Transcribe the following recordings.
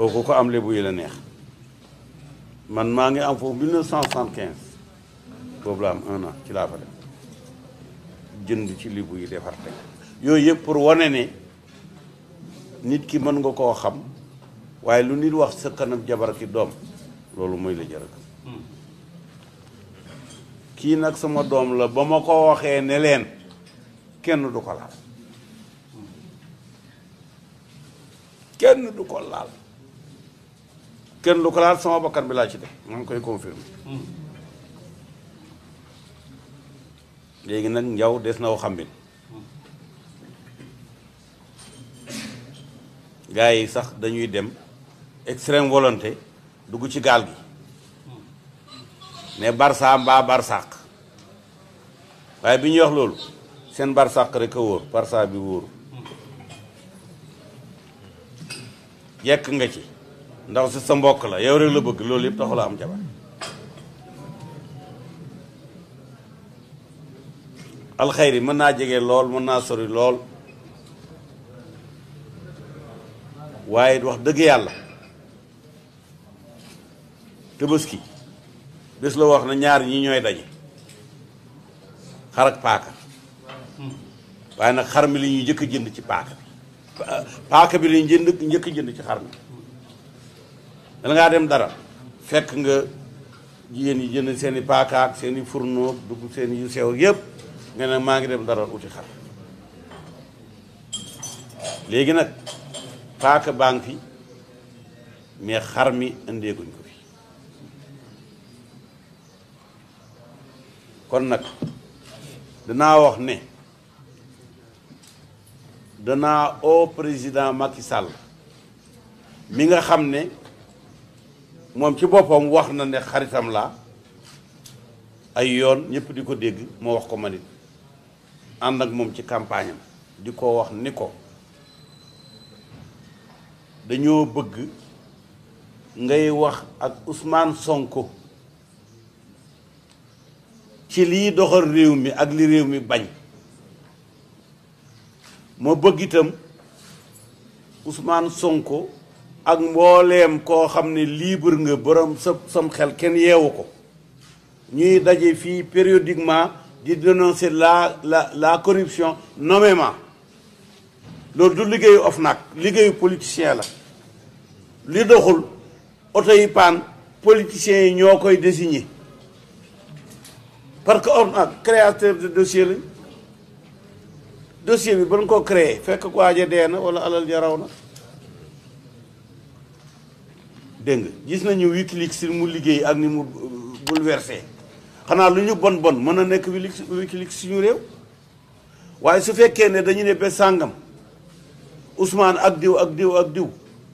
kooku ko am lébu yi neex man maa ngi am foofu 1975 boobu la am un an ci laa fa dem jënd ci lébu yi defar yooyu yëpp pour wane ne nit ki mën nga koo xam waaye lu nit wax sa kanam jabar ki doom loolu mooy la jërëk kii nag sama doom la ba ma ko waxee ne leen kenn du ko laal kenn du ko laal kenn du ko laal sama bakkan bi laa ci def maa ngi koy confirmer léegi nag njaw des na waxambin gars yi sax dañuy dem extrême volonté dugg ci gaal gi ne barsa mbaa barsàq waaye bi ñuy wax loolu seen barsàq rek a wóor barsa bi wóor yekk nga ci ndax si sa mbokk la yow rek la bëgg loolu yëpp taxu la am jabar alxayri mën naa jege lool mën naa sori lool waaye wax dëgg yàlla Tabaski bés la wax na ñaar ñi ñooy daje xar paaka waaye nag xar mi li ñuy njëkk jënd ci paaka bi paaka bi li ñuy jënd jëkk jënd ci xar mi dangaa dem dara fekk nga jigéen yi jënd seeni i paakaak seen i dugg seeni yu sew yëpp nga ne maa ngi dem dara uti xar léegi nag paaka baa ngi fi mais xar mi indeeguñ ko fi kon nag danaa wax ne danaa au président Macky Sall mi nga xam ne moom ci boppam wax na ne xaritam la ay yoon ñëpp di ko dégg moo wax ko man it ànd ak moom ci campagne di ko wax ni ko dañoo bëgg ngay wax ak usmaan Sonko ci lii doxal réew mi ak li réew mi bañ ma bëgg itam usmaan Sonko ak mbooleem koo xam ni libre nga borom sa sam xel kenn yeewu ko ñuy daje fii périodiquement di dénoncer la la la corruption nommément loolu du liggéeyu nag liggéeyu politicien la li doxul oto yi paan politiciens yi ñoo koy désigner parce que OFNAC créateur de dossier lañ dossier bi ba ñu ko créé fekk ko dee na wala alal jaraw na dégg nga gis nañu Wikileaks mu liggéey ak ni mu euh, bouleversé xanaa lu ñu bon bon mën a nekk Wikileaks suñu réew waaye su fekkee ne dañu ne ba sàngam Ousmane ak diw ak diw ak diw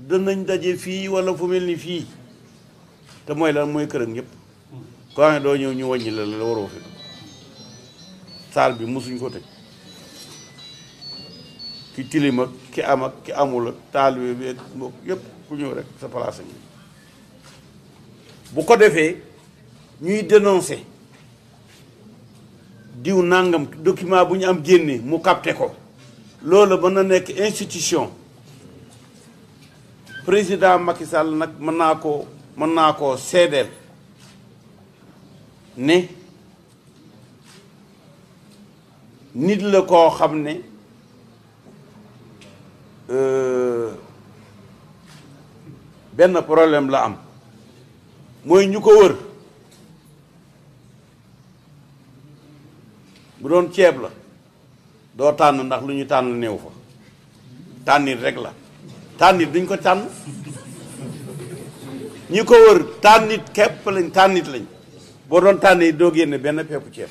danañ daje fii wala fu mel ni fii te mooy lan mooy këram ñëpp ko xam ne doo ñëw ñu wàññi la la waroo fi saal bi mosuñ ko tëj ki tilim ak ki am ak ki amul ak taalibe bi ku ñëw rek sa place ngi bu ko defee ñuy dénoncer diw nangam document bu ñu am génne mu capté ko loolu mën na nekk institution président Macky nag mën naa ko mën naa koo seedeel ne nit la koo xam ne euh, benn problème la am mooy ñu ko wër bu doon ceeb la doo tànn ndax lu ñu tànn néew fa tànnit rek la tànnit duñ ko tànn ñi ko wër tànnit képp lañ tànnit lañ boo doon tànnee doo génne benn peppu ceeb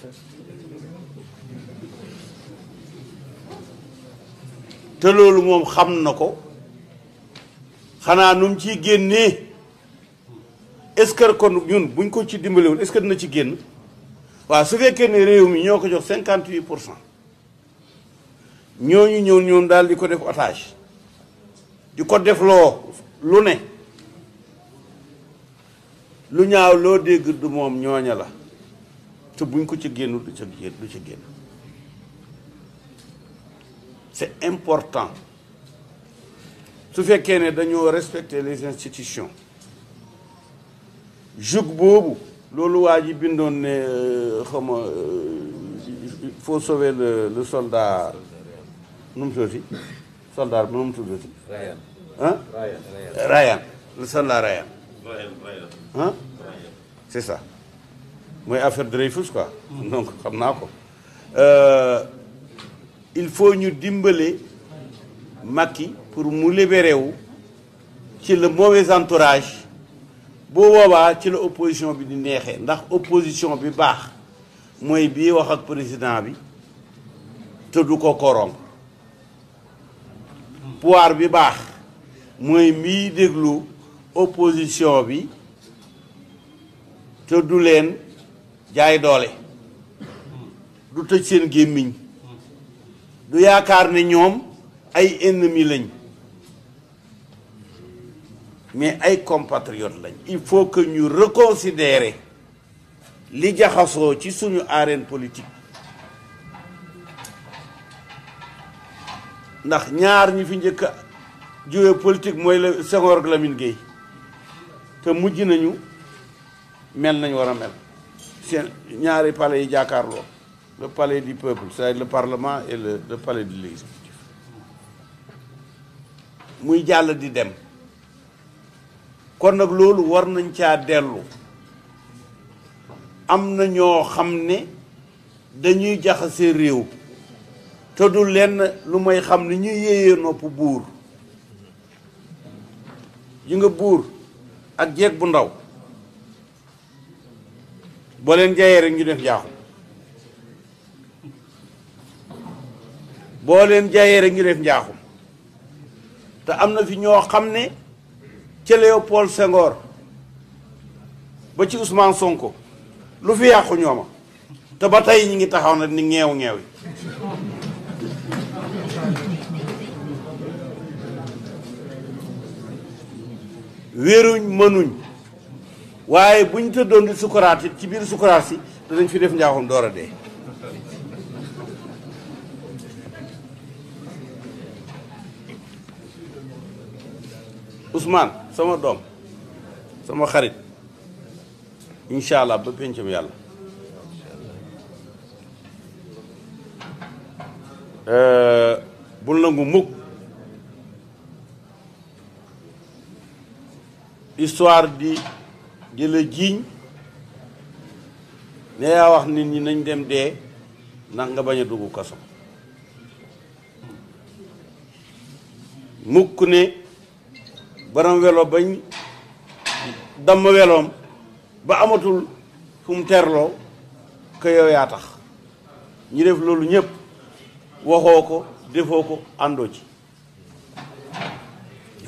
te loolu moom xam na ko xanaa nu ci ciy est-ce que kon ñun buñ ko ci dimbalewul est-ce que ci génn waaw su fekkee ne réew mi ñoo ko jox cinquante huit pour cent ñooñu ñëw ñun daal di ko def otage di ko def loo lu ne lu ñaaw loo dégg du moom ñooña la te buñ ko ci génn du ca génn du génn c'est important su fekkee ne dañoo respecter les institutions jug boobu loolu waa ji bindoon ne euh, xama euh, il faut sauver le le soldat nu mu tuddati soldat bi nu mu tuddati ah Ryan le soldat Ryan ah c'est ça mooy affaire Dreyfus quoi hmm. donc xam naa ko euh, il faut ñu dimbale Macky pour mu libéré wu ci le mauvais entourage boo boobaa ci la opposition bi di neexee ndax opposition bi baax mooy bii wax ak président bi te ko corrompre pouvoir bi baax mooy miy déglu opposition bi te leen jaay doole du tëj seen gémmiñ du yaakaar ne ñoom ay ennemi lañ mais ay compatriotes lañ il faut que ñu reconsidérer li jaxasoo ci suñu arène politique ndax ñaar ñi fi njëkk a jóge politique mooy la Senghor ak Lamine Gueye te mujj nañu mel nañu war a mel seen ñaari palais yi jàkkaarloo le palais du peuple c'est-à-dire le parlement et le le palais de l'exécutif muy jàll di dem kon nag loolu war nañ caa dellu am na ñoo xam ne dañuy jaxase réew te du lenn lu may xam ne ñu yéyee nopp buur yi nga buur ak jeeg bu ndaw boo leen jayee rek ñu def jaaxum boo leen jayee rek ñu def njaaxum te am na fi ñoo xam ne ca Léopold Senghor ba ci Ousmane Sonko lu fi yàqu ñooma te ba tey ñi ngi taxaw na ni ñeew ñeew yi mënuñ waaye buñ tëddoon di sukuraat it ci biir sukuraat si danañ fi def njaaxum door a dee Ousmane sama doom sama xarit incha allah ba pencam yàlla euh, bul nangu mukk histoire di di la jiiñ ne yaa wax nit ñi nañ dem dee ndax nga bañ a dugg kaso mukk ne borom welo bañ damm weloom ba amatul fu mu terloo que yaa tax ñu def loolu ñëpp waxoo ko defoo ko àndoo ci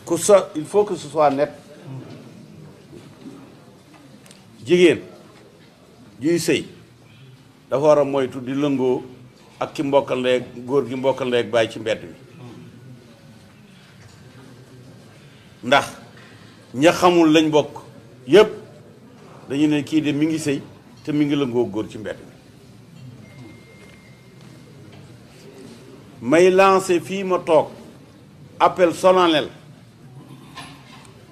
ku sa il faut que ce soit net jigéen juy sëy dafa war a moytu di lëngoo ak ki mbokkal ndey góor gi mbokkal ndey bàyyi ci mbedd bi ndax ña xamul lañ bokk yépp dañu ne kii de mi ngi sëy te mi ngi lëngoo góor ci mbedd mi may lancé fii ma toog appel solennel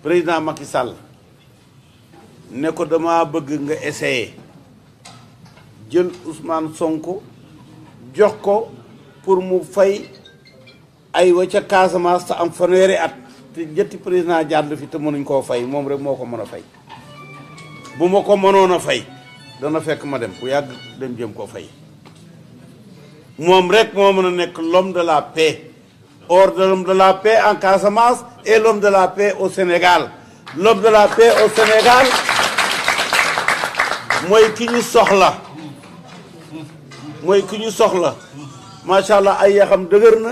président Macky Sall ne ko dama bëgg nga essayer jël Ousmane Sonko jox ko pour mu fay ay wa ca Casamance te am fanweeri at ñetti président jàll fi te mënuñ koo fay moom rek moo ko mën a fay bu ma ko mënoon a fay dana fekk ma dem bu yàgg dem jëm koo fay moom rek moo mën a nekk lom de la paix hors de l'homme de la paix en Casamance et l'homme de la paix au Sénégal l'homme de la paix au Sénégal mooy ki ñu soxla mooy allah ay yaxam dëgër na